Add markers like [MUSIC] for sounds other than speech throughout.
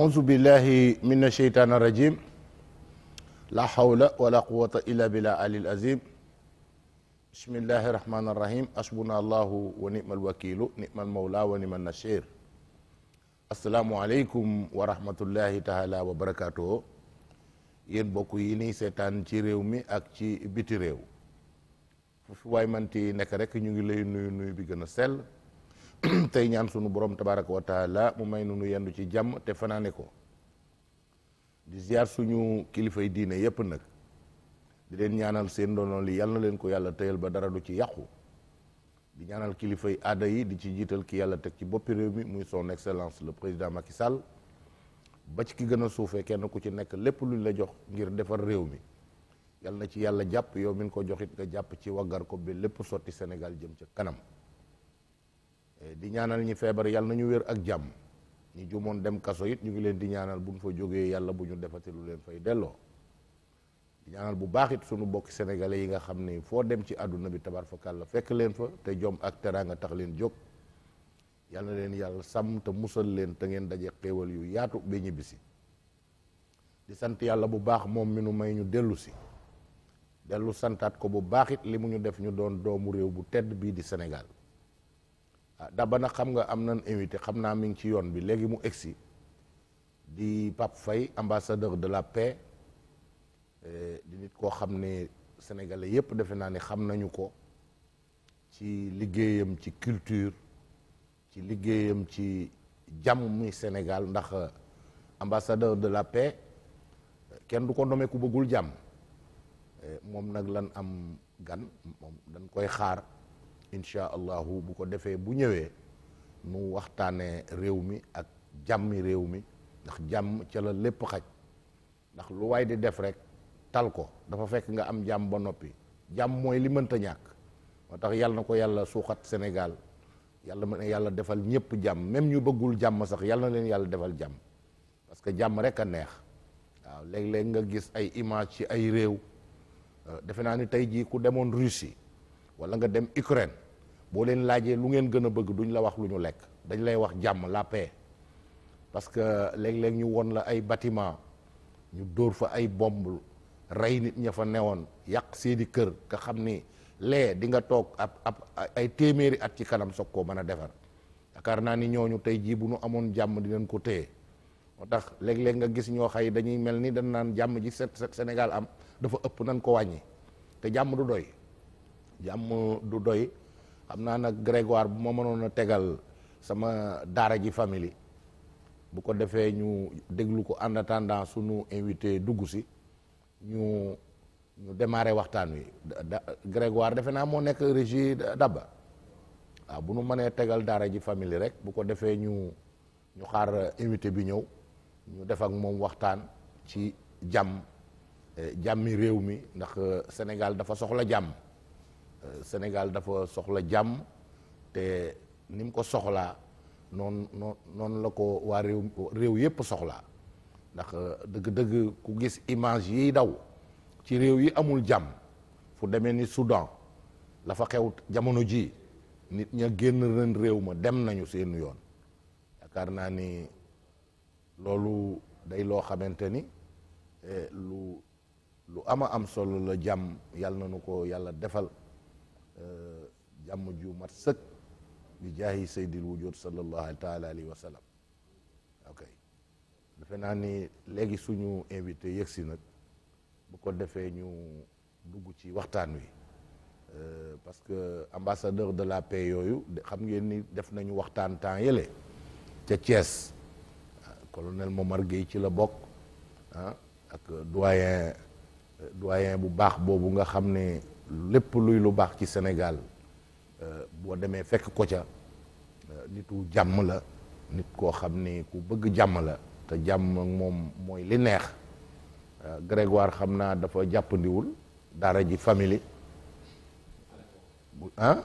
auzu billahi min asheytaan arrajim la hawla wala quwata illa billah alil azim bismillahi rahmani rahim asbuna allahu wa nimal wakilu nimal mawla wa nimal nasir asalaamu aleykum wa rahmatullahi taala wa barakatuho yéen bokk yi nii seetaan ci réew mi ak ci biti réew fu fi waay manti nekk rek ñu ngi lay nuyu nuyu bi gën a sell [CLEARS THROAT] tey ñaan sunu borom tabaraka wa taala mu may nu nu yendu ci jàmm te fanaane ko di ziar suñu kilifay diine yépp nag di leen ñaanal seen doonoon li yal na leen ko yàlla tëyal ba dara du ci yàqu di ñaanal kilifay aada yi di ci jiital ki yàlla teg ci boppi réew mi muy son excellence le président Macky Sall ba ci ki gën a suufee kenn ku ci nekk lépp luñ la jox ngir defar réew mi yàlla na ci yàlla jàpp yow ngi ko joxit nga jàpp ci waggar ko ba lépp sotti Sénégal jëm ca kanam Eh, di ñaanal ñi feebar yàlla na ñu wér ak jàmm ñi jumoon dem kaso it ñu ngi leen di ñaanal bu ñu fa jógee yàlla bu ñu defati lu leen fay delloo di ñaanal bu baax it sunu bokki sénégalais yi nga xam ne foo dem ci àdduna bi tabar fa kàlla fekk leen fa te jom ak teraanga tax leen jóg yàlla leen yàlla sàmm te musal leen te ngeen daje xéewal yu yaatu ba ñibbisi di sant yàlla bu baax moom mi nu may ñu dellu si dellu santaat ko bu baaxit li mu ñu def ñu doon doomu réew bu tedd bii di Sénégal Ah, daba nag xam nga am na invité xam naa mi ngi ci yoon bi léegi mu egsi di Pape Faye ambassadeur de la paix eh, di nit koo xam ne sénégalais yépp defe naa ni xam nañu ko ci liggéeyam ci culture ci liggéeyam ci jàmm muy Sénégal ndax eh, ambassadeur de la paix eh, kenn du ko nommé ku bëggul jàmm moom nag lan am gan moom dañ koy xaar incha allahu bu ko defee bu ñëwee nu waxtaanee réew mi ak jàmmi réew mi ndax jàmm ca la lépp xaj ndax lu waay di def rek tal ko dafa fekk nga am jàmm ba noppi jàmm mooy li mënta ñàkk moo tax yàlla na ko yàlla suuxat Sénégal yàlla ma mën yàlla defal ñëpp jàmm même ñu bëggul jàmm sax yàlla na leen yàlla defal jàmm parce que jàmm rek a neex waaw léeg-léeg nga gis ay image ci ay réew euh, defe naa ni tey jii ku demoon Russie wala nga dem Ukraine boo leen laajee lu ngeen gën a bëgg duñu la wax lu ñu lekk dañ lay wax jàmm la paix parce que léeg ñu won la ay bâtiment ñu dóor fa ay bomb rey nit ña fa newoon yàq seeni kër nga xam ni lee di nga toog ab ab ay téeméeri at ci kanam soog koo mën a defar yaakaar naa ni ñooñu tey jii bu nu amoon jàmm dinañ ko téye moo tax léeg-léeg nga gis ñoo xay dañuy mel ni dañ naan jàmm ji set set Sénégal am dafa ëpp nañ ko wàññi te jàmm du doy jàmm du doy xam naa nag Grégoire bu ma mënoon a tegal sama daara ji famille bu ko defee ñu déglu ko en suñu invité dugg si ñu ñu démarrer waxtaan wi da Grégoire defe naa moo nekk régi Daba waaw bu nu mënee tegal daara ji famille rek bu ko defee ñu ñu xaar invité bi ñëw ñu def ak moom waxtaan ci jàmm eh, jàmmi réew mi ndax eh, Sénégal dafa soxla jàmm. Euh, Sénégal dafa soxla jàmm te nim ko soxlaa noonu noonu la ko waa réew réew yépp soxlaa ndax euh, dëgg-dëgg ku gis image yiy daw ci réew yi amul jàmm fu demee ni Soudan la fa xew jamono ji nit ña génn ren réew ma dem nañu seen yoon yaakaar naa ni loolu day loo xamante ni eh, lu lu ama am solo la jàmm yàlla na nu ko yàlla defal Euh, jàmm ju mat sëkk bi jaahi saydil wujud sallallahu taala alayhi ok defe naa ni léegi suñu invité yëgsi nag bu ko defee ñu dugg ci waxtaan wi euh, parce que ambassadeur de la paix yooyu xam ngeen ni def nañu waxtaan temps yële ca Thiès euh, colonel Momar Gueye ci la bokk ah, ak doyen doyen bu baax boobu nga xam ne lépp luy lu baax ci senegal euh, boo demee fekk ko ca euh, nitu jàmm la nit koo xam ni ku bëgg jàmm la te jàmm moom mooy li neex euh, Grégoire xam naa dafa jàppandiwul daara ji famille ah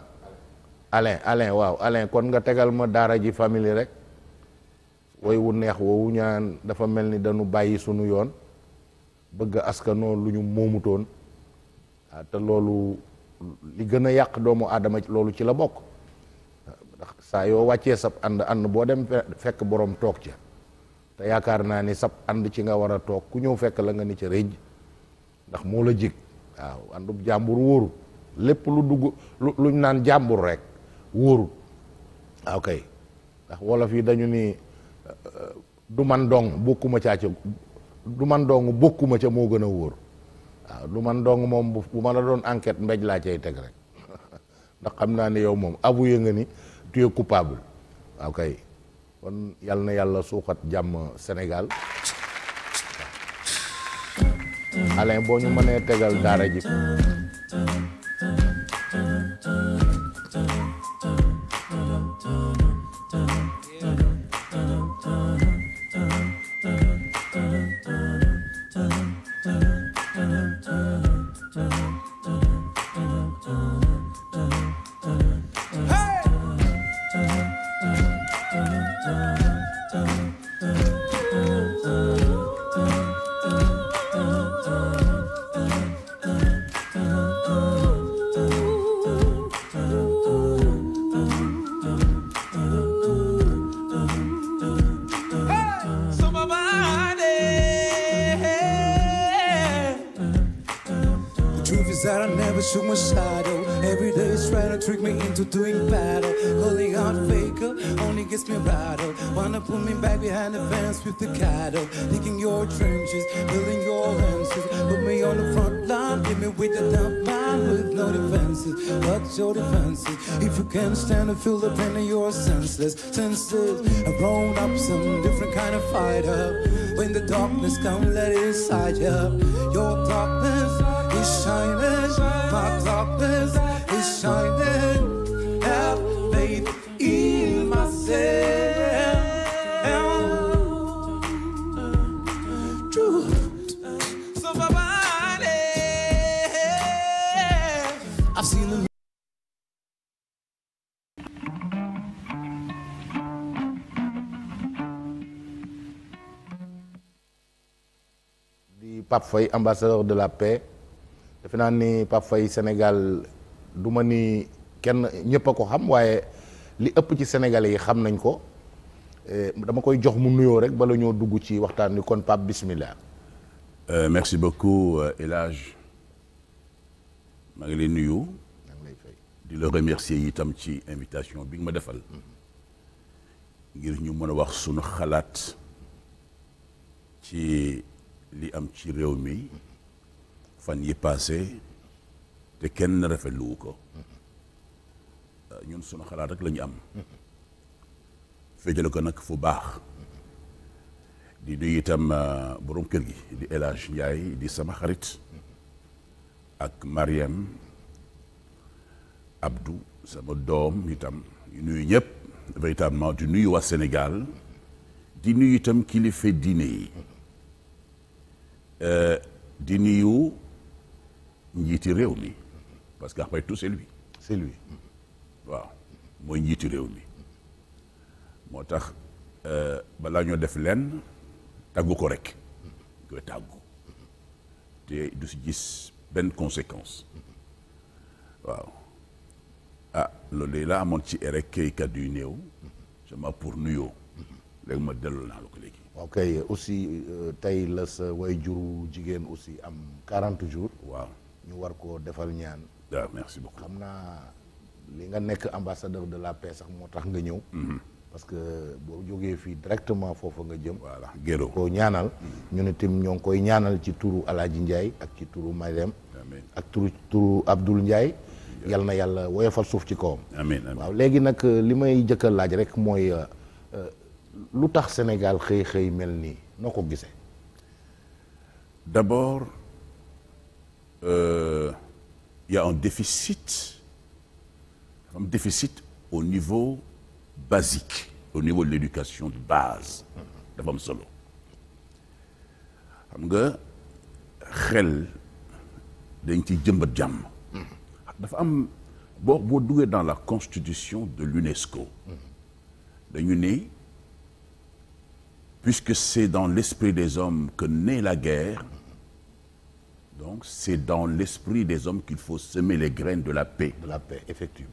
Alain waaw Alain kon nga tegal ma daara ji famille rek woy neex woowu ñaan dafa mel ni dañu bàyyi sunu yoon bëgg askanoo lu ñu moomutoon Ah, te loolu li gën a yàq doomu aadama loolu ci la bokk ndax saa yoo wàccee sab ànd ànd boo dem fekk boroom toog ca te yaakaar naa ni sab ànd ci nga war a toog ku ñëw fekk la nga ni ca rëj ndax moo la jig waaw àndub jàmbur wóorut lépp lu dugg luñ naan jàmbur rek wóorut waaw ah, ndax wolof yi dañu ni eh, eh, du man dong bokkuma caa ca du man dong bokkuma ca moo gën a wóor waaw du man dong moom bu ma la doon enquête mbéj laa cay teg rek [LAUGHS] ndax xam naa ne yow moom abu nga ni tu coupable waaw kay kon yal na yàlla suuxat jàmm senegal Alain boo ñu mënee tegal daara ji that I never suicidal. Every day is trying to trick me into doing battle. Holding on faker only gets me rattled. Wanna pull me back behind the fence with the cattle. Digging your trenches, building your answers. Put me on the front line, hit me with the dump line with no defenses. What's your defenses? If you can't stand and feel the pain of your senseless senses, I've grown up some different kind of fighter. When the darkness comes, let it inside you. Your darkness. is shining. My darkness is shining. Have faith in myself. True. So eh, I've seen the Pape Faye ambassadeur de la paix defe naa ni Pape Faye Sénégal du ma ni kenn ñëpp a ko xam waaye li ëpp ci sénégalais yi xam nañ ko eh, dama koy jox mu nuyoo rek bala ñoo dugg ci waxtaan wi kon Pape bismillah Euh, merci beaucoup euh, El Hadj maa ngi nuyu di la remercier itam ci invitation bi nga ma defal mm-hmm. ngir ñu mën a wax sunu xalaat ci li am ci réew mi mm-hmm. fan yi paase te kenn rafetlu wu ko ñun sunu xalaat rek la ñu am féjale ko nag fu baax di duy itam euh, borom kër gi di El Hadj di sama xarit ak Mariam Abdou sama doom itam yu nuyu ñëpp véritablement di nuyu waa Sénégal di nuyu itam kilifa diine yi euh, di nuyu njiiti réew mi parce que après tout c'est lui c'est lui waaw mooy njiiti réew mi moo tax euh, balaa ñoo def lenn tàggu ko rek koy tàggu te du si gis benn conséquence waaw ah loolu yi laa amoon ci rek kay kàddu yu néew sama pour nuyoo léegi ma delloo naa la ko léegi waaw aussi euh, tey la sa way juru jigéen aussi am 40 jours waaw ñu war koo defal ñaan. Ah, merci beaucoup xam naa li nga nekk ambassadeur de la paix sax moo tax nga ñëw. Mhm. parce que boo jógee fii directement foofa nga jëm. voilà gërëm koo ñaanal. Mhm. ñu ne tim ñoo ngi koy ñaanal ci turu Alaaji Ndiaye ak ci turu Mariam. ak turu turu Abdoul yal na yàlla woyofal suuf ci kawam. amiin amiin léegi nag euh, li may njëkk laaj rek mooy euh, euh, lu tax Sénégal xëy xëy mel nii noo ko gisee. euh, y a un déficit un déficit au niveau basique au niveau de l'éducation de base dafa am solo xam nga xel dañ ciy jëmbat jàmm dafa am boo duggee dans la constitution de l'UNESCO dañu ne puisque c'est dans l'esprit des hommes que naît la guerre Donc c'est dans l'esprit des hommes qu'il faut semer les graines de la paix. De la paix, effectivement.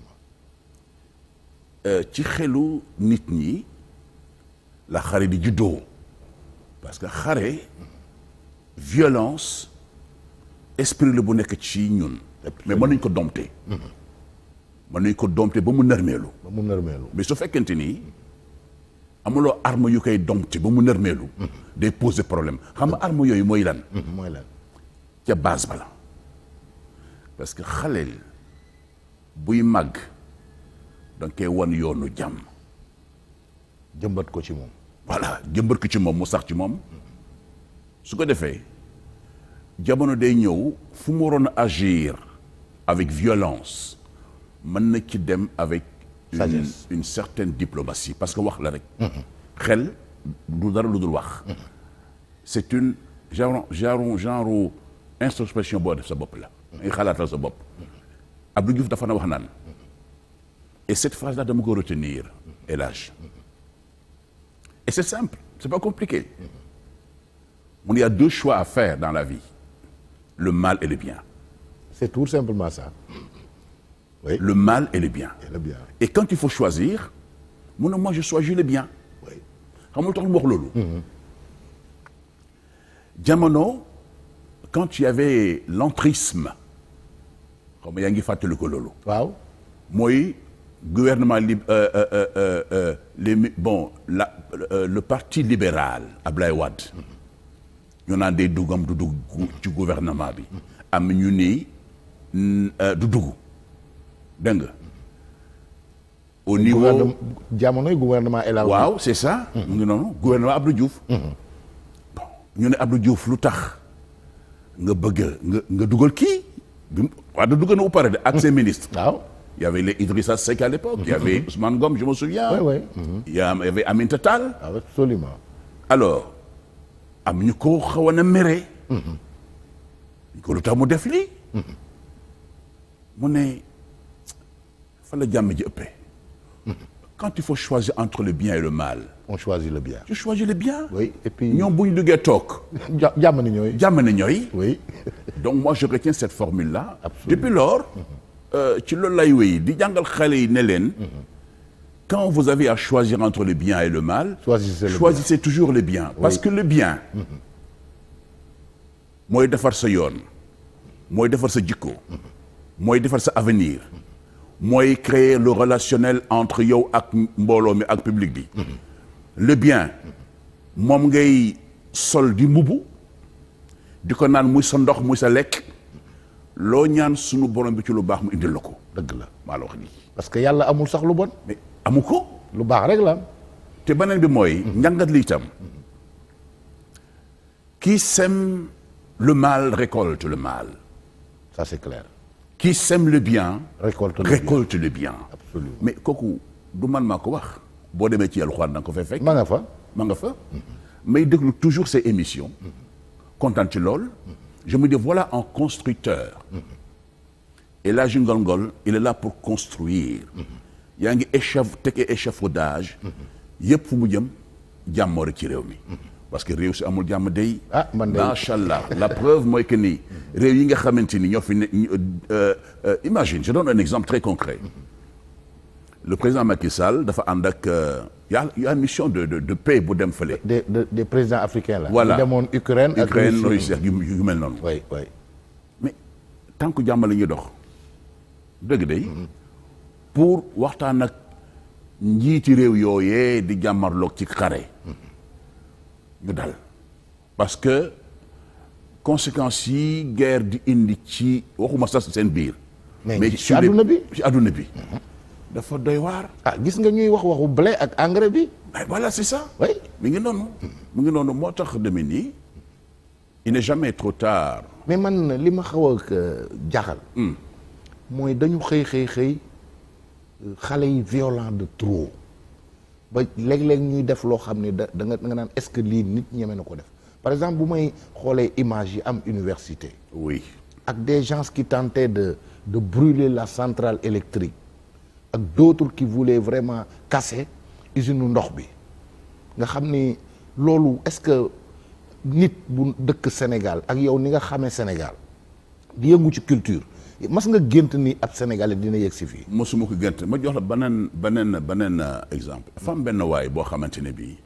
Euh, ci xelu nit ñi la xare di juddoo parce que xare violence esprit la bu nekk ci ñun. mais mën nañ ko dompter. Mm-hmm. mën nañ ko dompter ba mu nërmeelu. ba mu nërmeelu mais su fekkente ni amuloo arme yu koy dompter ba mu nërmeelu. Mm-hmm. day poser problème xam nga mm-hmm. arme yooyu mooy lan. mooy lan. ca base ba la parce que xaleel buy màgg danga koy wan yoonu jàmm jëmbat ko ci moom voilà jëmbat ko ci moom mu sax ci moom su ko defee jamono day ñëw fu mu waroon a agir avec violence mën na ci dem avec une, une certaine diplomatie parce que wax la rek mm-hmm. xel du dara lu dul wax mm-hmm. c'est une genre genre introspection boo def sa bopp la. nga xalaatal sa bopp. Abdou Diouf dafa na et cette phrase là dama ko retenir El Hadj et c'est simple c'est pas compliqué on y a deux choix à faire dans la vie le mal et le bien c'est tout simplement ça le mal et le bien et, quand il faut choisir mu ne moi je choisis le bien xam nga tax mu wax quand il y avait l'entrisme xam yaa ngi fàttali ko loolu. waaw mooy gouvernement li euh, euh, euh, euh, euh bon la le parti libéral Ablaye Wade. ñu naan day duggam du dugg ci gouvernement bi. am ñu ni du duggu dégg nga. au niveau jamonoy gouvernement El waaw c'est ça. Mm-hmm. mu ngi noonu juuf Abdou Diouf. Mm-hmm. bon ñu ne lu tax. nga bëgg nga nga dugal kii bi Wade dugg na au pare de ak ses ministres. [LAUGHS] waaw y avait les Idrissa Seck à l'époque y avait [LAUGHS] Ousmane Ngom je me souviens. oui oui. y avait Aminata Tall. Ah, am ñu ko xawoon a mere. Mhm. ñu ko lu tax mu def mhm. ne fa la jàmm ji ëppee. Mhm. quand il faut choisir entre le bien e le mal. on choisit le bien. tu choisis le bien. oui et puis ñoom bu ñu duggee toog. ja jàmm ñooy. jàmm na ñooy. oui. donc moi je retiens cette formule là. Absolument. depuis lors. Mm-hmm. Euh, ci loolu lay wéy di jàngal xale yi ne leen. Mm-hmm. quand vous avez à choisir entre le bien et le mal. choisissez, toujours le bien. Oui. parce que le bien. Mm-hmm. mooy defar sa yoon. mooy defar sa jikko. mooy defar sa avenir. mooy créer le relationnel entre yow ak mbooloo mi ak public bi. le bien moom ngay sol di mbubu di ko naan muy sa ndox muy sa lekk loo ñaan sunu borom bi ci lu baax mu indi la ko dëgg la maa la wax nii parce que yàlla amul sax lu bon mais amu ko lu baax rek la am te beneen bi mooy njàngat li itam kii sème le mal récolte le mal ça c'est clair kii sème le bien récolte le bien. le bien absolument mais kooku du man maa ko wax boo demee ci alxuraan da nga ko fay fekk. ma nga fa ma nga fa. may déglu toujours ces émission kontaan ci lool. je me dis voilà un constructeur. et là Ngol Ngol il est là pour construire. yaa ngi échaf teg échafaudage. yëpp fu mu jëm jàmmoor ci réew mi. parce que réew si amul jàmm day. ah man de macha allah la preuve mooy que ni. réew yi nga xamante ni ñoo fi ne euh, euh, imagine je donne un exemple très concret. le président Macky Sall dafa ànd ak euh, y a y mission de de de paix bu dem fële. de des des présidents la là. voilà ñu Ukraine ak. Ukraine Russie ak yu mel noonu. oui oui. mais tant que jàmm la dox dëgg day mm-hmm. pour waxtaan ak njiiti réew yooyee di jàmmarloog ci xare. Mm-hmm. ñu dal parce que conséquence yi guerre di indi ci waxuma sax seen biir. mais ci àdduna bi mais ci àdduna bi. dafa doy waar. ah gis nga ñuy wax waxu blé ak engrais bi. voilà c'est ça. oui mi ngi noonu. mu ngi noonu moo tax demee nii. il n'est jamais trop tard. mais man li ma xaw a euh, jaaxal. Hmm. mooy dañu xëy xëy xëy xale yi violent de trop. ba léeg-léeg ñuy def loo xam ne da da nga naan est-ce que lii nit ñeme na ko def par exemple bu may xoolee image yi am université. oui ak des gens qui tentaient de de brûler la centrale électrique. ak d'autres qui voulaient vraiment casser usine ndox bi nga xam ni loolu est-ce que nit bu dëkk Sénégal ak yow ni nga xamee Sénégal di yëngu ci culture mas nga gént ni ab Sénégalais dina yegg si fii. mosuma ko gént ma jox la beneen beneen beneen euh, exemple. dafa benn waay boo xamante ne bii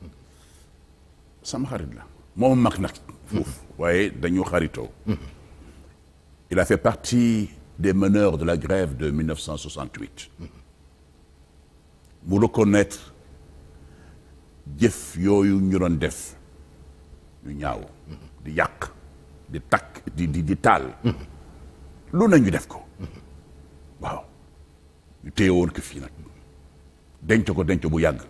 sama xarit la. moom mag nag. foofu waaye dañoo xaritoo. il a fait partie des meneurs de la grève de 1968. bu reconnaître jëf yooyu ñu doon def ñu ñaaw di yàq di takk di di di taal lu na def ko waaw ñu téye woon ko fii nag denc ko denc bu yàgg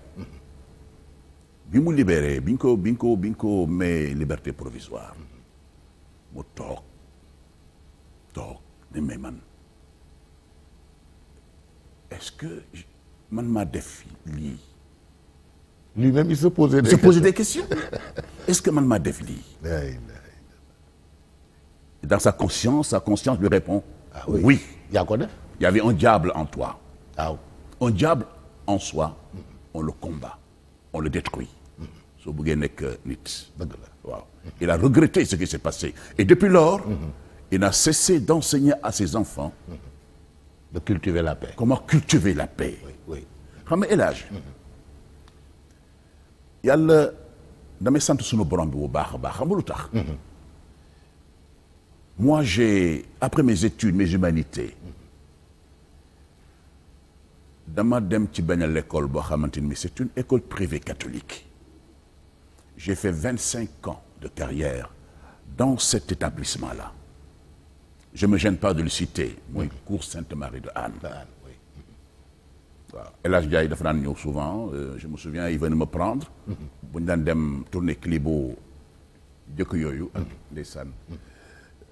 bi mu libéré biñ ko bi ko biñ ko mais liberté provisoire mu toog toog ne mais man est-ce que man maa def lii. lui-même il se posait des questions il se posait des questions est-ce que man maa def lii. dans sa conscience sa conscience lui répond. ah oui oui. yaa ko def. il y avait un diable en toi. waaw ah un diable en soi. on le combat on le détruit. soo bëggee nekk nit. dëgg la waaw il a regretté ce qui s'est passé et depuis lors. Mm-hmm. il n'a cessé d'enseigner à ses enfants. Mm-hmm. de cultiver la paix. comment cultiver la paix. oui oui xam nga El Hadj mhm. yàlla damay sant sunu borom bi bu baax a baax xam nga lu tax. Mhm. moi j'ai après mes études mes humanités mhm. dama dem ci benn l'école boo xamante ni c'est une école privée catholique j'ai fait vingt cinq ans de carrière dans cet établissement-là je me gêne pas de lu citer mooy cours Sainte-Marie de Anne waaw El Hadj Ndiaye dafa daan ñëw souvent euh, je me souviens il venait me prendre mhm. bu ñu daan dem tourner Clibo jëkk yooyu ak mhm. ndeysaan mhm.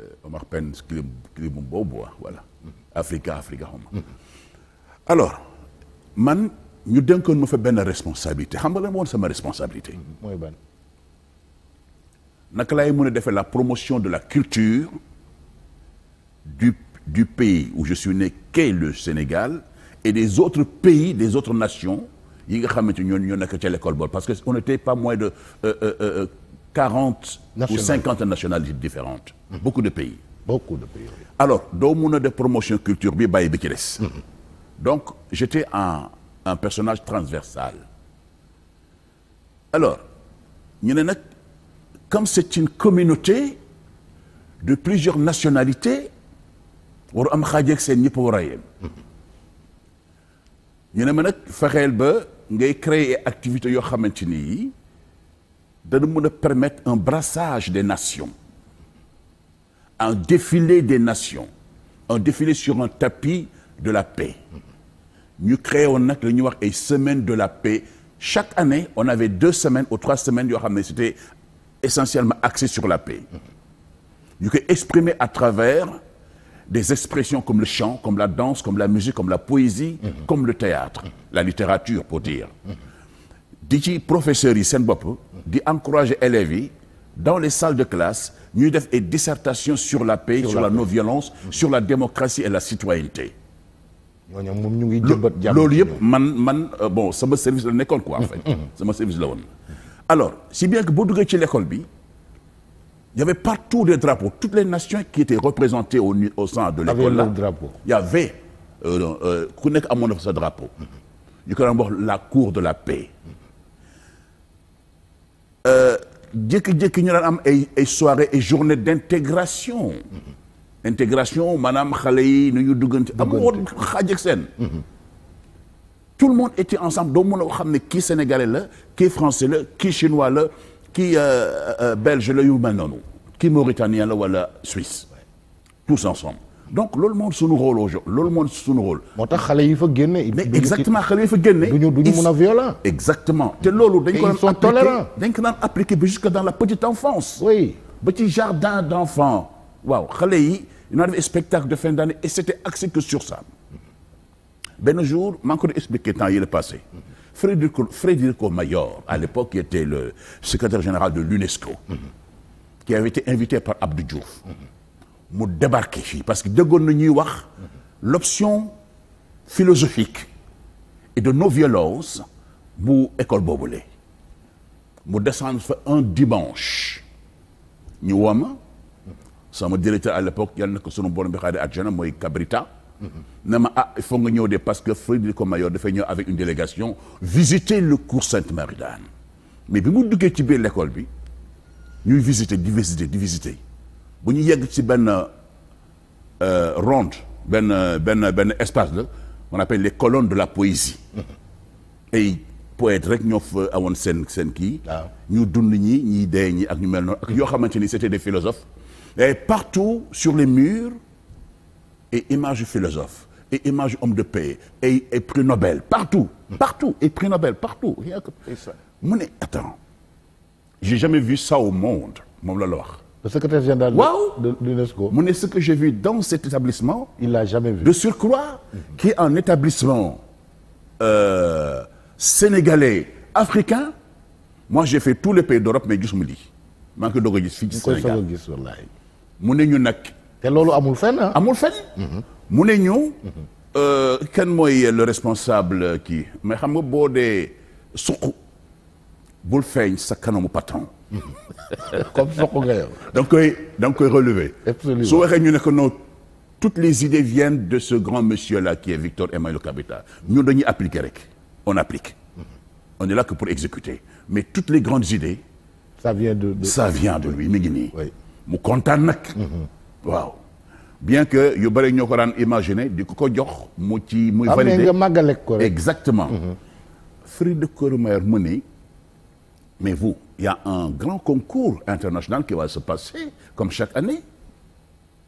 Euh, Omar Pène clip clip boobu Africa Africa xawma alors man ñu dénkoon ma fa benn responsabilité xam nga lan woon sama responsabilité mooy ban naka laay mën a defee la promotion de la culture du, du pays où je suis né qu'est le Sénégal et des autres pays des autres nations yi nga xamante ñoo ñoo nekk ca l'école boobu parce que on n'était pas moins de quarante euh, euh, euh, ou cinquante nationalités différentes mmh. beaucoup de pays beaucoup de pays alors mun a def promotion culture bi bàyyi bi ci des mhm. donc j'étais un un personnage transversal alors ñu ne nag comme c'est une communauté de plusieurs nationalités war am xaajeeg seen ñëpp war a yem ne ma nag fexeel ba ngay créer activité yoo xamante ni yi dana mën a permettre un brassage des nations un défilé des nations un défilé sur un tapis de la paix ñu créé woon nag la ñuy wax ay semaines de la paix chaque année on avait deux semaines ou trois semaines yoo xam ne c'était essentiellement axé sur la paix ñu koy exprimer à travers des expressions comme le chant, comme la danse, comme la musique, comme la poésie, comme le théâtre, la littérature pour dire. di ci professeurs yi seen bopp di encourager élèves yi dans les salles de classe ñuy def ay dissertations sur la paix sur, sur la, la non-violence mm-hmm. sur la démocratie et la citoyenneté. moom ñu ngi jëmbat loolu yëpp man man euh, bon sama service la nekkoon quoi en fait. Mm-hmm. sama service la woon alors si bien que boo duggee ci l'école bi. Il y avait partout des drapeaux. Toutes les nations qui étaient représentées au, au sein de l'école là. Il y avait euh, euh, ku nekk amoon na fa sa la cour de la paix. Euh, jékki-jékki ñu daan am ay ay soirée et journée d'intégration. intégration maanaam xale yi nu ñu duggante. am woon xaaj ak seen. tout le monde était ensemble doo mën a xam ne kii sénégalais la kii français le kii chinois la. kii euh, euh, belge la yu mel noonu kii mauritanien la wala suisse tous ensemble donc loolu moom suñu rôle aujourd'hui loolu moom suñu rôle. moo tax xale yi fa génne. mais exactement xale yi fa génne. du ñu du ñu mun a violent. exactement te loolu dañ ko daan appliqué dañ ko daan appliqué bi jusque dans la petite enfance. oui ba ci jardin d' enfant. waaw xale yi ñoo def spectacle de fin d' année et c' était axé que sur ça benn jour maa ngi ko doon expliqué temps yii la passé. Federico, Federico Mayor, à l'époque, qui était le secrétaire général de l'UNESCO, mm -hmm. qui avait été invité par Abdou Diouf, mu débarqué parce que déggoon na ñuy wax l'option philosophique et de non-violence bu école boobule mu descendre fa un dimanche ñu wooma sama directeur à l'époque yal na ko sunu borom bi xaari àjjana mooy Kabrita Mm-hmm. na ma ah il faut nga ñëw de parce que Federico Mayor dafay ñëw avec une délégation visiter le cours Sainte-Marie mais bi mu duggee ci biir l'école bi ñuy visiter di visiter di visiter bu ñu yegg ci benn euh, ronde benn benn benn espace la on appelle les colonnes de la poésie ay mm-hmm. poète rek ñoo fa awoon seen seen kii ñu dund ñi ñu dee ñi ak ñu mel noonu ak yoo xamante ni c'était des philosophes et partout sur les murs et image philosophe et image homme de paix et, et prix Nobel partout partout et prix Nobel partout rien que mu ne attends j'ai jamais vu ça au monde wax le secrétaire général wow. de l'UNESCO mu ne ce que dans cet établissement il l'a jamais vu de surcroît mm -hmm. qui est un établissement euh, sénégalais africain j'ai fait tous les pays d'Europe mais gisuma lii maa ngi koy doog a gis fii ci Sénégal mu ne ñu nag te loolu amul fenn ah. amul fenn. Mhm. mu ne ñëw. Euh, kenn mooy le responsable kii mais xam nga boo dee suq bul feeñ sa kanamu patron. [LAUGHS] comme suq nga yow. da koy da nga koy relever. absolument su waxee ñu ne que non toutes les idées viennent de ce grand monsieur là qui est Victor Emmanuel Kabita ñun dañuy appliquer rek on applique. Mhm. on est là que pour exécuter mais toutes les grandes idées. ça vient de, de... ça lui mi ngi nii. mu kontaan nag. Mhm. waaw bien que yu bëri ñoo ko daan imaginer di ko ko jox mu ci muy validé nga màggale ko rek exactement mhm. Frédéric Courmayeur mu ni mais vous il y a un grand concours international qui va se passer comme chaque année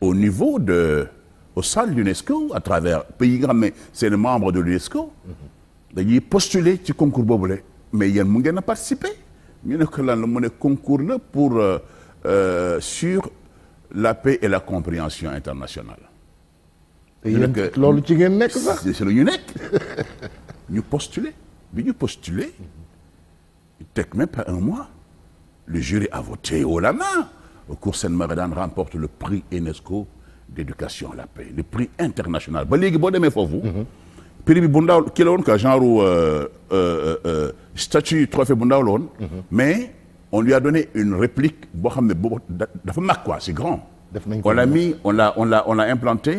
au niveau de au sein de l'UNESCO à travers pays yi nga xam ne c'est le membre de l'UNESCO mhm. dañuy postuler ci concours boobule mais yéen mu ngeen a participer ñu ne ko lan la mu ne concours la pour euh, euh sur la paix est la compréhension internationale. te yéen loolu ci ngeen nekk sax c'est la ñu nekk ñu postulé bi ñu postulé teg même pas un mois le jury a voté haut la main au cours sen remporte le prix UNESCO d'éducation la paix le prix international ba léegi boo demee foofu. Mhm. prix bi bu ndaw ki la woon quoi genre euh, euh, euh, trophée bu ndaw la on lui a donné une réplique boo xam ne boobu dafa mag quoi c'est grand. on l'a mis on l'a on l'a on l'a implanté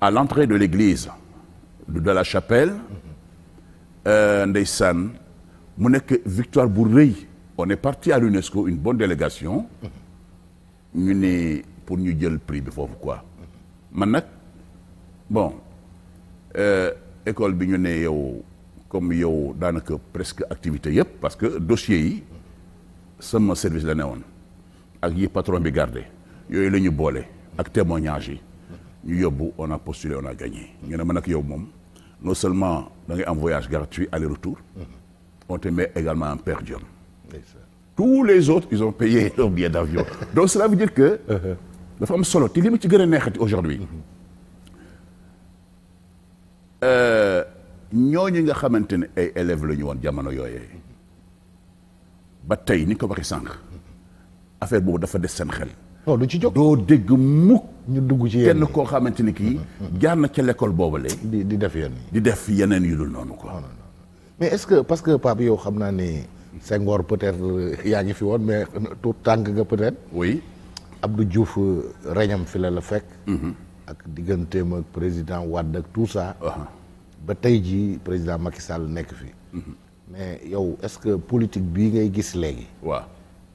à l'entrée de l'église de la chapelle. Euh, ndeysaan mu nekk victoire bu rëy. on est parti à l'UNESCO une bonne délégation. ñu ne pour ñu jël prix bi foofu quoi. man nag bon euh, école bi ñu ne yow comme yow daanaka presque activité yëpp parce que dossier yi. sama service la woon ak yi patron bi gardé yooyu la ñu boole ak témoignage yi ñu yóbbu on a postulé on a gagné ñu ne man ak yow moom non seulement da ngay am voyage gratuit aller retour on te met également un per diem tous les autres ils ont payé [LAUGHS] leur billet d'avion donc cela veut dire que [LAUGHS] dafa am solo te li ma ci gën a neexati aujourd'hui euh, ñooñu nga xamante ni ay élèves la ñu woon jamono yooyee ba tey ni ko waxee sànq affaire boobu dafa def seen xel. non oh, du ci jóg doo dégg mukk ñu dugg ci yenn koo xamante ni kii. jaar na ca l'école boobale. di di def yenn di def yeneen yu dul noonu ko oh, mais est-ce que parce que Pape yow xam naa ni. sengoor peut yaa ngi fi woon mais tout tànk nga peut-être. oui Abdou Diouf euh, reñam fi la la fekk. Mhm. ak digganteem ak président Wade ak tout ça. Uh-huh. ba tey jii président Macky Sall nekk fi. Mhm. mais yow est-ce que politique bii ngay gis léegi. waaw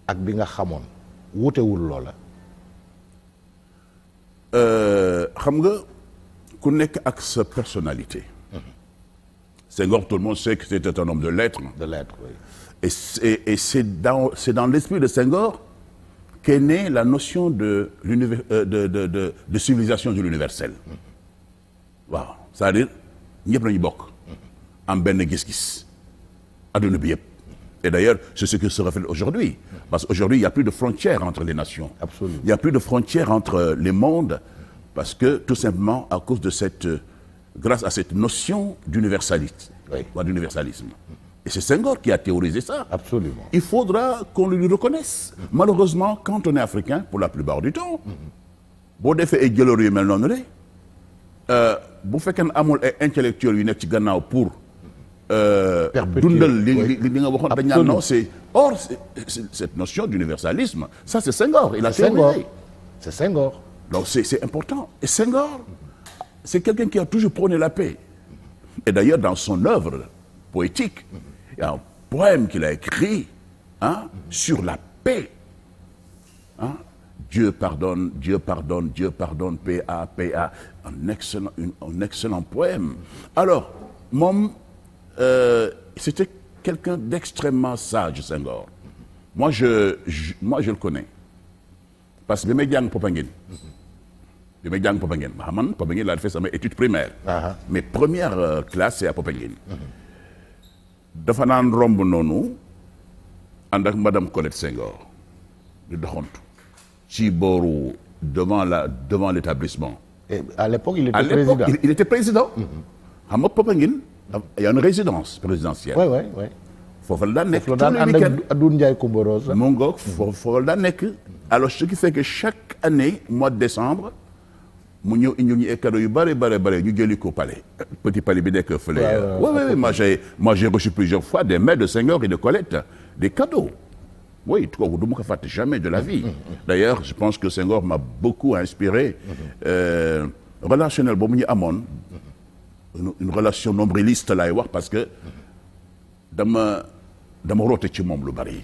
ak bi nga xamoon wutewul loola. Euh, xam nga ku nekk ak sa personnalité. Mhm. Senghor tout le monde sait que c'était un homme de lettres. de lettres oui. et c'est et c'est dans c'est dans l'esprit de Senghor qu'est née la notion de l'univers euh, de de de de civilisation de l'universel. Mhm. waaw c'est-à-dire ñëpp nañu bokk. Mhm. am benn gis-gis. adduna bi yëpp et d'ailleurs c'est ce qui se reflète aujourd'hui parce que aujourd'hui il a plus de frontières entre les nations Absolument. il a plus de frontières entre euh, les mondes parce que tout simplement à cause de cette euh, grâce à cette notion d'universalisme et c'est Senghor qui a théorisé ça Absolument. il faudra qu'on le lui reconnaisse malheureusement quand on est africain pour la plupart du temps boo defee ay jëloor yu mel noonu de euh, bu fekkee ne amul ay intellectuels yu nekk ci gannaaw pour Euh, dundal li li nga waxoon dañ naan non c'est or cette notion d'universalisme ça c'est Senghor il a théorisé c'est Senghor donc c'est important et Senghor c'est quelqu'un qui a toujours prôné la paix et d'ailleurs dans son œuvre poétique un poème qu'il a écrit sur la paix hein Dieu pardonne Dieu pardonne Dieu pardonne paix à un excellent poème alors moom euh, c'était quelqu'un d'extrêmement sage Senghor moi je, le connais parce que bi may jàng Popenguine bi may jàng Popenguine ma man Popenguine laa defee sama étude primaire uh ah -huh. Ah. mais première euh, classe c'est à Popenguine uh -huh. dafa naan romb noonu ànd ak madame Colette Senghor di doxantu ci devant la devant l'établissement Et à l'époque il était président il, il il y a une résidence présidentielle. oui oui oui. foofu la daan nekk tout le week-end Adoune Ndiaye Coumba Rose mu ngoog foofu la daan nekk. alors ce qui fait que chaque année mois de décembre mu ñëw indil ñu ay cadeaux yu bare bare bare ñu jëli ko palais. petit palais bi nekk fële. waaw waaw waaw moi j'ai moi j'ai reçu plusieurs fois des mails de Senghor et de Colette des cadeaux. oui kooku du ma ko fàtte jamais de la vie. Mm, mm, mm. d'ailleurs je pense que Senghor m'a beaucoup inspiré. Euh, relationnel boobu ñu amoon. une relation nombriliste laay wax parce que dama dama roote ci moom lu bari.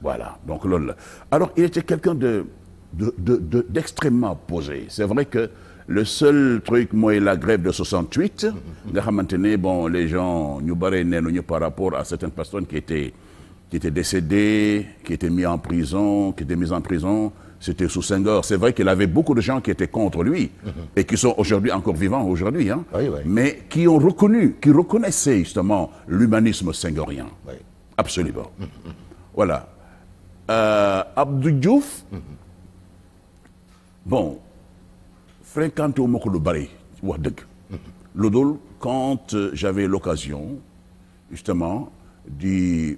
voilà donc loolu la alors il était de de de de d'extrêmement posé c'est vrai que le seul truc mooy la grève de 68. nga xamante ne bon les gens ñu bari neenuñu par rapport à certaines personnes qui étaient qui étaient décédées qui étaient mises en prison qui étaient mises en prison. c'était sous Senghor. C'est vrai qu'il avait beaucoup de gens qui étaient contre lui mmh. et qui sont aujourd'hui encore vivants aujourd'hui hein, oui, oui. mais qui ont reconnu, qui reconnaissaient justement l'humanisme senghorien. Oui. Absolument. Mmh. [LAUGHS] Voilà. Euh, Abdou Diouf mmh. bon fréquenté wu ma ko lu bari wax dëgg. Mhm. lu dul quand euh, j'avais l'occasion justement di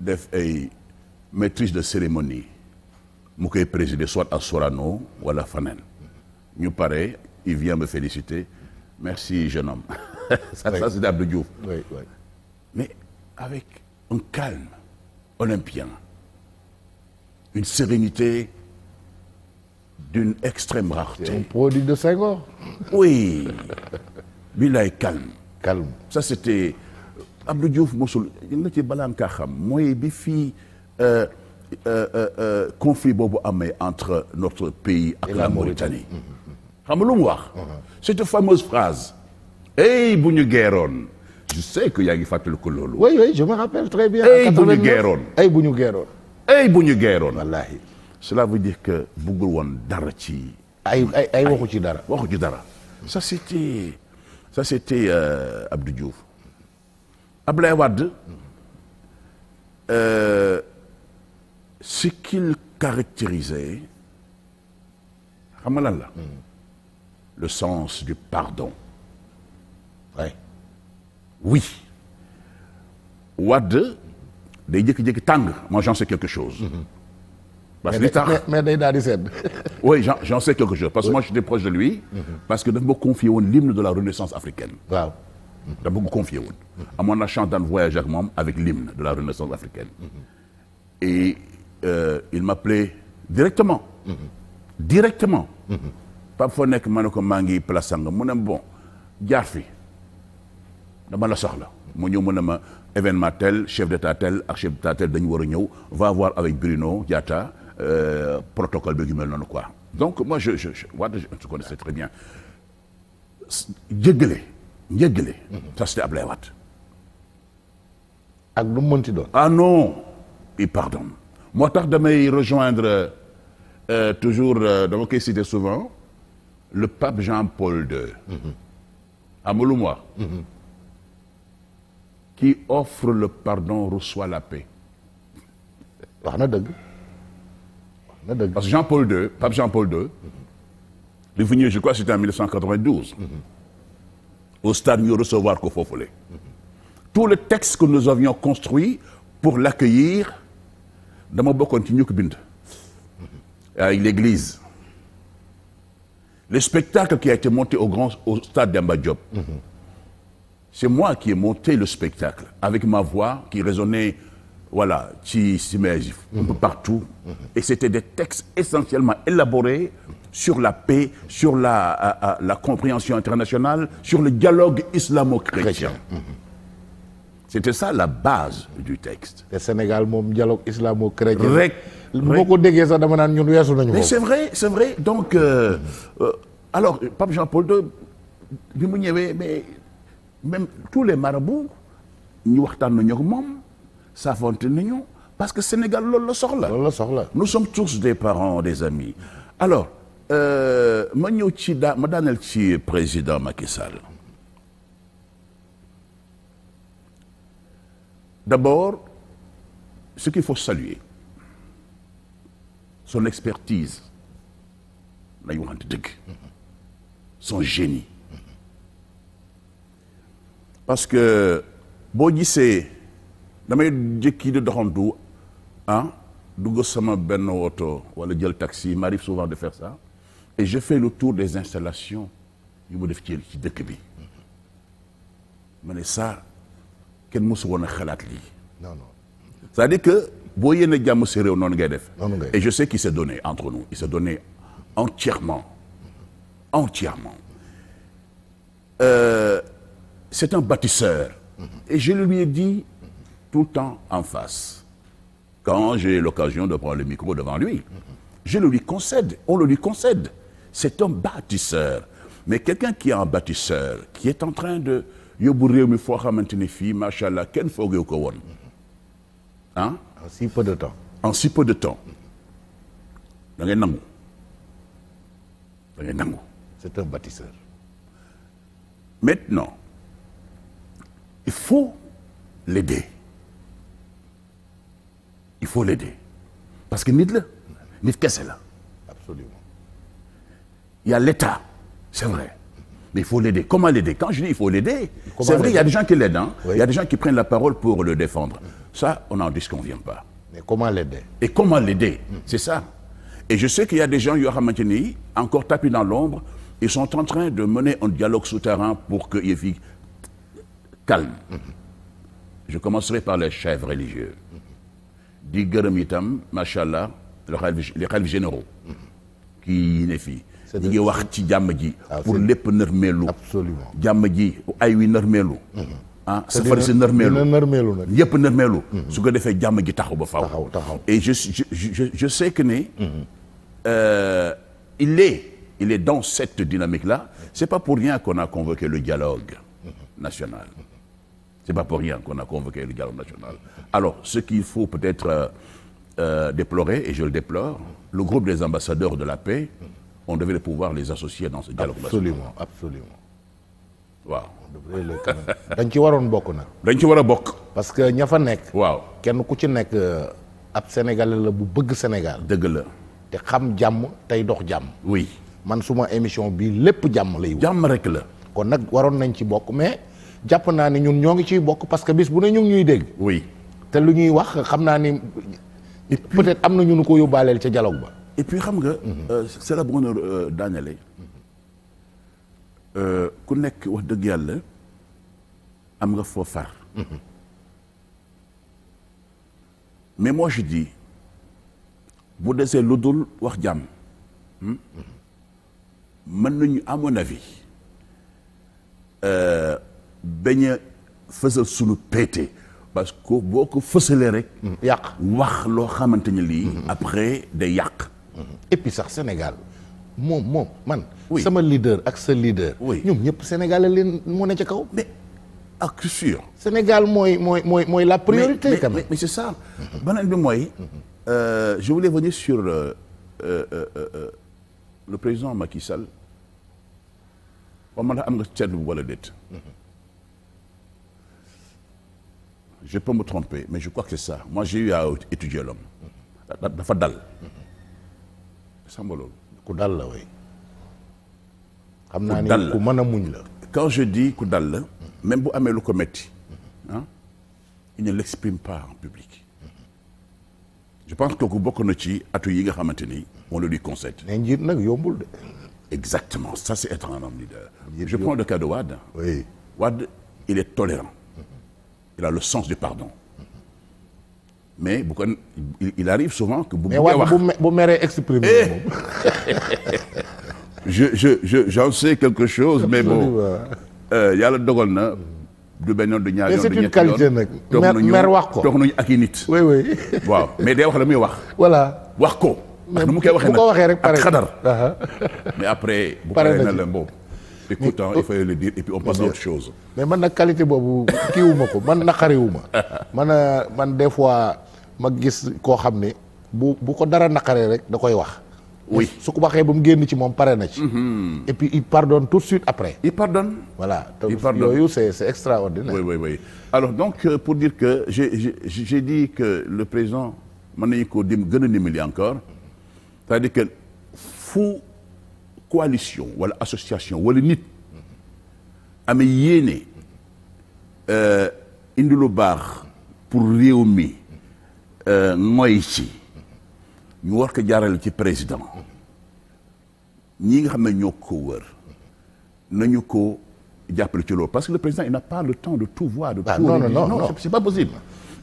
def ay maîtrise de cérémonie. mu koy présider soit à Sorano wala faneen ñu pare il vient me féliciter merci jeune homme [LAUGHS] ça oui. ça c'est Abdou Diouf oui, mais avec un calme olympien une sérénité d'une extrême rareté de Senghor [LAUGHS] oui bi lay calme calme ça c'était euh, Abdou Diouf mosul balaan kaa xam mooy bi fii euh, Euh, euh, euh, conflit boobu amee entre notre pays ak la Mauritanie mm-hmm. xam nga lu mu wax mm-hmm. cette fameuse phrase ey bu ñu geeroon je sais que yaa ngi fàttaliku loolu oui oui je me rappelle très bien ey bu ñu geeroon ey bu ñu geeroon ey bu ñu geeroon wallaahi cela veut dire que buggul woon dara ci ay ay ay ci dara waxu ci dara ça c'était ça c'était ce qu'il caractérisait xam nga lan la mm. le sens du pardon vrai oui Wade day jékki-jékki tàng moi j'en sais quelque mm-hmm. day daal di sedd [LAUGHS] oui j'en j'en quelque chose parce que moi j'étais proche de lui mm-hmm. parce que dafa ma confié l'hymne de la renaissance africaine waaw dafa ma ko confié woon amoon mm-hmm. na chance daan voyage ak avec l'hymne de la renaissance africaine euh, il m'appelait directement. Mm -hmm. directement. Mm-hmm. Pape nekk ma ne ko maa ngi place sànq mu ne bon jaar fi dama la soxla. mu ñëw mu ne ma événement tel chef de tatel ak chef d'état tel dañu war a ñëw va voir avec Bruno Diatta euh, protocole noonu quoi. donc moi je je je waa je connaissais très bien jéggale njéggale. Mm-hmm. ça c'était Ablaye ak lu mu mënti doon. Ah moo tax damay rejoindre euh, toujours euh, dama koy le pape Jean-Paul II. Mm-hmm. amulu moi mm-hmm. qui offre le pardon reçoit la paix. wax na dëgg. dëgg parce que Jean-Paul II pape Jean-Paul II. li fu ñëwee je crois c'était en mm-hmm. au stade ñu recevoir ko foofule. tout le texte que nous avions construit pour l'accueillir dama bokkoon ci ñu ko bind avec l'église le spectacle qui a été monté au grand au stade Demba c'est moi qui ai monté le spectacle avec ma voix qui résonnait voilà ci Simergif mm -hmm. un peu partout mm -hmm. et c'était des textes essentiellement élaborés sur la paix sur la à, euh, euh, la compréhension internationale sur le dialogue islamo-chrétien c'était ça la base du texte. te Sénégal moom dialogue islamo-chrétien. rek moo ko déggee sax dama naan ñun weesu nañu. mais c'est vrai c'est vrai donc euh, euh, alors Pape Jean-Paul II bi mu ñëwee mais même tous les marabouts ñu waxtaan nañu ak moom s'affronté nañu parce que Sénégal loolu la soxla. loolu la soxla nous sommes tous des parents des amis alors euh, ma ñëw ci daa ma daaneel ci président Macky D'abord, ce qu'il faut saluer, son expertise, la waxante dëgg son génie. parce que boo gisee damay jëkki di doxantu ah dugg sama benn woto wala jël taxi il m'arrive souvent de faire ça et je fais le tour des installations yu mu def ci ci dëkk bi ma ne kenn mosu woon a xalaat lii. non non c'est-à-dire que boo yéene jàmm si réew noonu ngay def. et je sais qu'il s'est donné entre nous il s'est donné entièrement entièrement euh, c'est un bâtisseur. Mm-hmm. et je lui ai dit tout le temps en face quand j'ai l'occasion de prendre le micro devant lui mm-hmm. je le lui concède on le lui concède c'est un bâtisseur mais quelqu'un qui est un bâtisseur qui est en train de yóbbu réew mi foo xamante ni fii macha allah kenn foogeewu ko woon ah. en si peu de temps. en si peu de temps da ngay nangu da nangu. c'est un bâtisseur. maintenant il faut l'aider il faut l'aider parce que nit la nit kese la. absolument. il Mais il faut l'aider. Comment l'aider Quand je dis il faut l'aider, c'est vrai, il y a des gens qui l'aident. Hein? Oui. Il y a des gens qui prennent la parole pour le défendre. Ça, on n'en disconvient pas. Mais comment l'aider Et comment l'aider mmh. C'est ça. Et je sais qu'il y a des gens, Yoramatini, encore tapis dans l'ombre, ils sont en train de mener un dialogue souterrain pour que Yéfi calme. Mmh. Je commencerai par les chefs religieux. Di gërëm itam, machallah, les khalifes généraux qui Yéfi. ñu ngi wax ci jàmm ji ah, pour lépp nërmeelu absolument jàmm ji ay wi nërmeelu mm-hmm. ah safari si nërmeelu nërmeelu nag yëpp nërmeelu mm-hmm. su ko defee jàmm ji taxaw ba faaw taxaw et je je je sais que ne mm-hmm. euh, il est est dans cette dynamique là c'est pas pour rien qu'on a convoqué le national c'est pas pour rien qu'on a convoqué le dialogue national alors ce qu'il faut peut-être euh, euh déplorer et je le déplore le groupe des ambassadeurs de la paix on devrait pouvoir les associer dans ce dialogue là. absolument waaw. dañ ci waroon bokk nag. dañ ci war a bokk. parce que ña fa nekk. waaw kenn ku ci nekk euh, ab sénégalais la bu bëgg Sénégal. dëgg la te xam jàmm tey dox jàmm. oui man suma émission bii lépp jàmm lay. jàmm rek la. kon nag waroon nañ ci bokk mais jàpp naa ni ñun ñoo ngi ciy bokk parce que bis bu ne ñu ñuy dégg. oui te lu ñuy wax xam naa ni peut-être am na ñu nu ko yóbbaaleel ca dialogue ba. et puis xam nga. Mhm. Euh, c'est la bonne heure euh, mhm. euh, ku nekk wax dëgg yàlla am nga foo far. Mhm. mais moi je dis bu desee lu dul wax jàmm. Hmm? mën nañu à mon avis bañ a fësal sunu péete parce que boo ko fësalee rek. yàq wax loo xamante ni lii. après day yàq. et puis sax Sénégal moom moom man. sama leader ak sa leader. ñoom ñëpp Sénégal la leen moo ne ca kaw. mais ak ah, sûr. Sénégal mooy mooy mooy la priorité. mais mais c'est ça. beneen bi mooy. Euh, je voulais venir sur euh, euh, le président Macky Sall. waaw man am nga ceeb wala déet. je peux me tromper mais je crois que c'est ça moi j'ai eu à étudier dafa dal. samba ku dal la way naa ni ku mën a muñ la. quand je dis ku dal la. même bu amee lu ko metti ah il ne l'exprime pas en public. je pense que ku bokk na ci atu yi nga xamante ni. on le lui concède. nag yombul de. exactement ça c'est être un homme leader. je prends le cas de Wade. oui Wade il est tolérant. il a le sens du pardon. mais bu ko il arrive souvent que bu buggee wax mais bu meree exprimé eh! je je je j'en sais quelque chose. mais bon euh, yàlla dogal na. du benn du ñaar yoon du ñetti yoon mais c'est une qualité nag. mer wax ko toog nañu ak i nit. oui oui. waaw mais day wax la muy wax. voilà wax ko. mais bu ko waxee rek pare ak xadar. mais après. bu paree na la bon. et pourtant il fallait le dire et puis on passe à autre mais man na qualité boobu kiiwuma ko man naqariwuma [LAUGHS] man euh, man fois ma gis koo xam ne bu bu ko dara naqaree rek da koy wax. oui su ko waxee ba mu génn ci moom pare na ci. Mm-hmm. et puis il tout de suite après. il pardon voilà il pardonne yooyu c'est c'est extraordinaire. oui alors donc euh, pour dire que j'ai j'ai que le président mën nañu ko dim gën a dimbali encore cest dire que fu. coalition wala association wala nit amee yéene euh, indi lu baax pour réew mi mooy euh, ci ñu war ko jaarale ci président ñi nga xam ne ñoo ko wër nañu ko jàppale ci loolu parce que le président il n'a pas le temps de tout voir de tout non non non c'est pas possible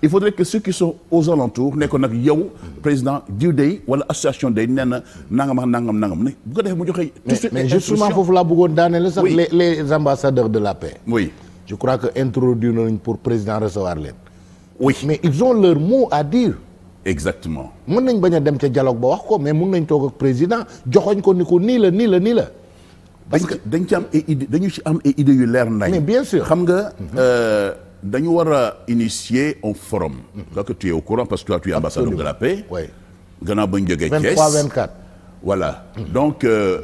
il faudrait que ceux qui sont aux alentours ko nag yow président diw day wala association day nee na nangam ak nangam nangam ne bu ko mu joxe. tout de mais justement foofu laa bëggoon daaneel sax. les les ambassadeurs de la paix. oui je crois que introduire nañu pour président recevoir leen. oui mais ils ont leur mot à dire. exactement. mën nañ bañ dem ca dialogue ba wax ko mais mën nañ toog ak président joxoñ ko ni ko nii la nii la nii la. parce que dañ ci am ay dañu ci am ay idées leer nañ. mais bien xam nga. Mhm. Euh, dañu war a on forom forum. Mhm. là tu es au courant parce que toi tu es ambassadeur de la paix. oui gannaaw ba ñu jógee. Thiès 23 24. voilà mhm. donc euh,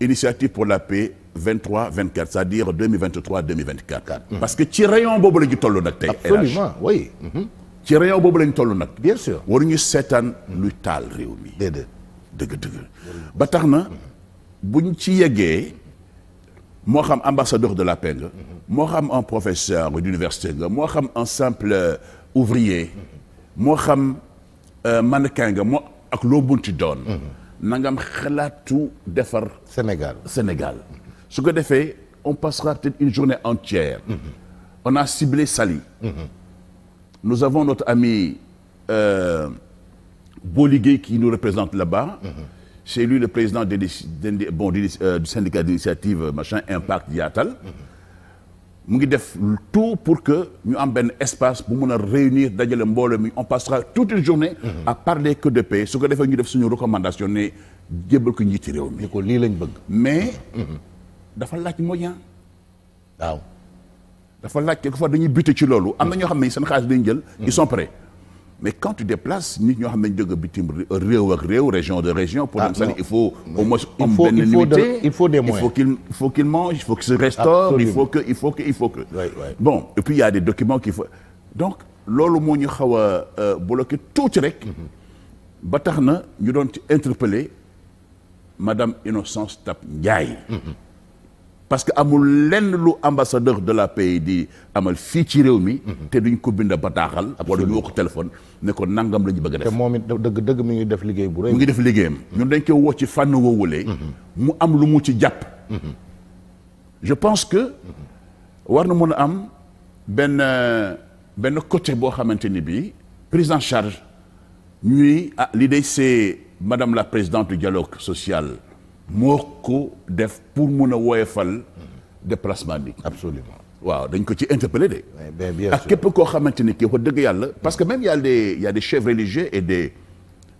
initiative pour la paix 23 24 c'est-à-dire 2023 2024. Mhm. parce que ci rayon boobu la ñu toll nag tey. absolument oui. ci rayon boobu la ñu toll nag. bien sûr waruñu seetaan luy taal réew dëgg dëgg. ba tax na buñ ci yeggee. moo xam ambassadeur de la paix moo xam un professeur d'université nga moo xam en simple euh, ouvrier moo xam euh, mannequin nga moo ak loo bunti doon nangam xalaatu defar Sénégal Sénégal su ko defee on passera peut une journée entière on a ciblé Saly nous avons notre ami euh, Boligué qui nous représente là-bas c'est lui le président de, de, bon, euh, du syndicat d'initiative euh, machin Impact Yaatal mu ngi def tout pour que ñu am benn espace bu mun a réunir dajale mboolee mi on passera toute une journée mhm. à parler que de paix su ko defee ñu def suñu recommandation ne jébbal ko njiiti réew mi ni ko lii lañ bëgg mais mhm. dafa laaj moyen aaw dafa laaj quelquefois dañuy buté ci loolu am na ñoo xam ne seen xaalis dañ jël ils mhm. sont prêts mais quand tu déplaces nit ñoo xam ne jóge bitim réew ak réew région de région. pour ah, dem sali il faut au moins am benn limité il faut des moyens il faut qu'il il faut qu'il mange il faut qu'il se restaure il faut que il faut que bon et puis y a des documents qu'il faut donc loolu moo ñu xaw a euh, bloqué tuuti rek. Mm-hmm. ba tax na ñu doon ci interpeller madame Innocence Ntap Ndiaye. Mm-hmm. parce que amul lenn lu ambassadeur de la paix di amal fii ci réew mi. Mhm. te duñ ko bind bataaxal. wala ñu woo ko téléphone ne nangam la ñu bëgg a def. moom it dëgg dëgg mi ngi def liggéey bu rëy. mi ngi def liggéeyam. Mhm. ñun dañ koy woo ci fànn woowulee. Mhm. mu am lu mu ci jàpp. je pense que war na mën a am benn benn côté boo xamante ni bii prise charge ñuy ah l'idée c'est madame la présidente du dialogue social. moo ko def pour mun a wooye fal déplacement bi. absolument waaw dañ ko ci interpellé de. ak képp koo xamante ni kii wax dëgg yàlla. parce que même y de des y a des chefs religieux et des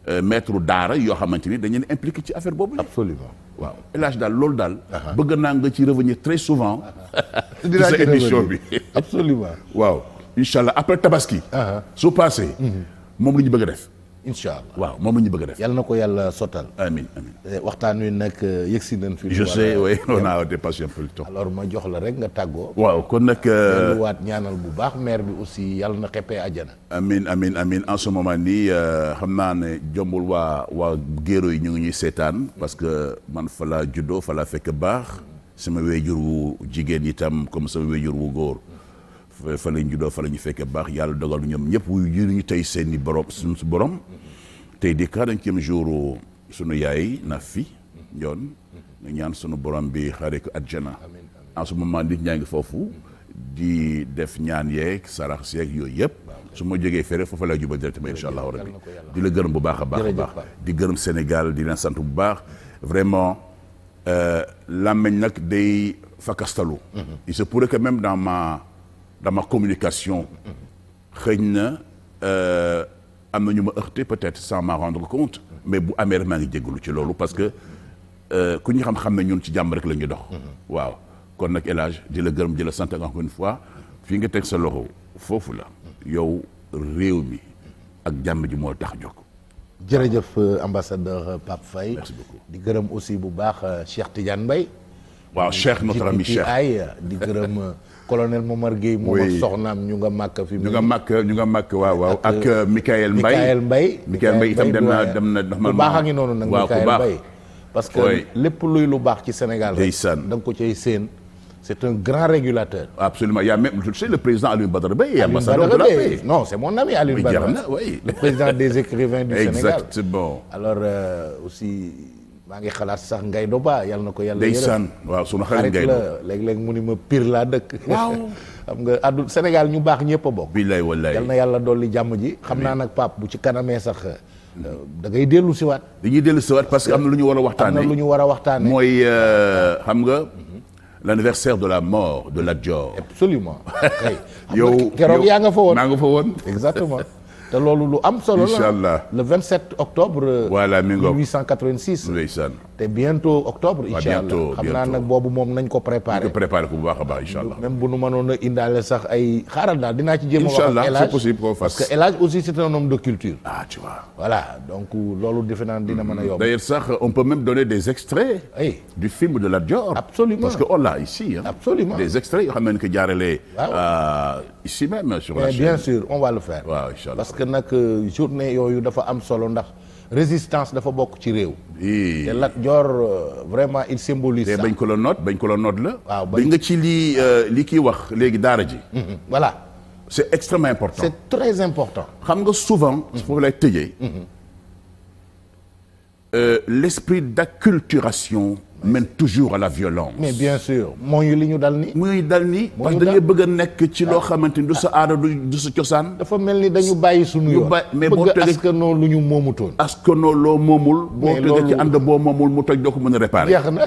euh, maîtres daara yoo xamante ni dañu leen impliqué ci affaire boobu. absolument waaw élage daal loolu daal. bëgg naa nga ci revenir très souvent. [LAUGHS] dinaa ci sa émission bi. absolument [LAUGHS] waaw incha allah après tabaski. su passé. Mhm. moom la ñu bëgg a def. incha waaw moom la ñu bëgg a def. yàlla na ko yàlla sottal. amiin amiin eh, waxtaan wi nag eh, yegg si nañ fi. je sais oui ma jox la rek nga tàggoo. waaw kon nag. Euh, waat ñaanal bu baax maire bi aussi yàlla na xeppee àjjana. amiin amiin amiin en ce moment nii euh, xam naa ne jombul waa waa géero yi ñu ngi ñuy seetaan parce que man fa laa juddoo falaa fekk baax sama wéyjur wu jigéen itam comme sama wéyjur wu góor. fa la ñu juddoo fa la ñu fekkee baax yàlla dogal ñoom ñëpp wuyu jëriñu tey seen i borom suñu borom tey di quarantième jour sunu yaay Nafi Njoon ñu ñaan sunu borom bi xaaree ko àjjana en ce moment nit ñaa ngi foofu di def ñaan yeeg sarax seeg yooyu yëpp su ma jegee fere foofa lay jubal directement incha allahu rabbi di la gërëm bu baax a baax a di gërëm Sénégal di leen sant bu baax vraiment euh, làmmeñ nag day fakastalu mm-hmm. il se pourrait que même dans dama communication xëñ na euh, am na ñu ma heurté peut-être sans m'en rendre compte mais bu amee rek maa ngi jégalu ci loolu parce que euh, ku ñu xam-xam ne ñun ci jàmm rek la ñuy dox waaw kon nag El di la gërëm di la sant encore une fois fii nga teg sa loxo foofu la yow réew mi ak jàmm ji moo tax jóg jërëjëf euh, ambassadeur Pape Faye di gërëm aussi bu baax Cheikh Tidiane mbay waaw Cheikh notre ami Cheikh ay di gërëm euh, colonel Momar Gueye moom ak soxnaam ñu nga màkk fi ñu nga màkk ñu nga màkk waaw waaw ak Michael euh, mbay Michael Mbaye Michael Mbaye dem na dem na ku baax a ngi noonu nag Michael Mbaye parce que lépp luy lu baax ci Sénégal rek da nga ko cay séen c'est un grand régulateur. absolument il y a même le président Alioune Badara Beye. Alioune Badara Beye non c'est mon ami Alioune Badara le président des écrivains du [LAUGHS] Sénégal alors euh, aussi. maa ngi xalaat sax ngay doba yàlla na ko yàlla. ndeysaan waaw sunu xarit ngay la léeg-léeg mu ni ma pire laa dëkk. waaw [LAUGHS] xam nga addu Sénégal ñu baax ñëpp bokk. billaay wallaay yal na yàlla dolli jàmm ji. xam naa nag Pape bu ci kanamee sax. Euh, da ngay dellu siwaat. ñuy dellu siwaat parce que am na lu ñu war a waxtaane lu ñu war a waxtaanee. mooy euh, xam nga. l' anniversaire de la mort de Lat Dior. absolument [LAUGHS] keroog yaa nga fa woon maa nga fa woon exactement. [LAUGHS] te loolu lu am solo la incha allah le 27 octobre. voilà mi ngoog 1886. ndeysaan te bientôt octobre. incha allah xam naa nag boobu moom nañ ko préparé. nañ ko préparé ko bu baax a baax incha allah. même bu nu mënoon a indaale sax ay xaaral daal dinaa ci jéem a. incha allah c'est possible parce que El Hadj aussi c'est un homme de culture. ah tu vois. voilà donc loolu defe naa dina mën a yomb. d'ailleurs sax on peut même donner des extraits. oui du film de Lat Dior. absolument parce que on l'a ici. absolument des extraits yoo xam ne que jaarale. waaw euh, ici même on va le faire. waaw parce que nag euh, journée yooyu dafa am solo ndax. résistance dafa bokk ci réew. te Lat Joor euh, vraiment il symbolise. sax bañ ko la noot bañ ko la noot la. waaw bañ nga ci li euh, li kiy wax léegi daara ji. Mm-hmm. voilà. c'est extrêmement important. c'est très xam nga souvent. Mm-hmm. foofu lay tëjee. Mm-hmm. Euh, l'esprit d'acculturation. mène toujours à la violence. mais bien sûr moo ñu li ñu dal nii. muy dal nii parce que da bëgg a nekk ci loo xamante ni du sa aada du sa cosaan. dafa mel ni dañu bàyyi suñu yoon. mais boo tëggee askanoo lu ñu moomutoon. askanoo loo moomul. boo tëggee ci ànd boo moomul mu toj doo ko mën a réparer. jeex na.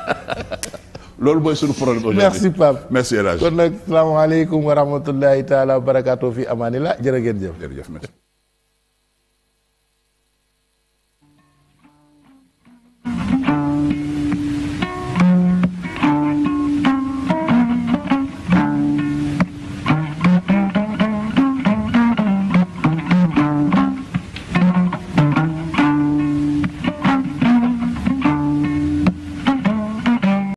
[LAUGHS] loolu mooy suñu problème aujourd'hui merci Pape merci El Hadj kon nag salaamaaleykum wa rahmatullahi taala wa barakaatu fi amaanillah jërë ngeen jëf. jërëjëf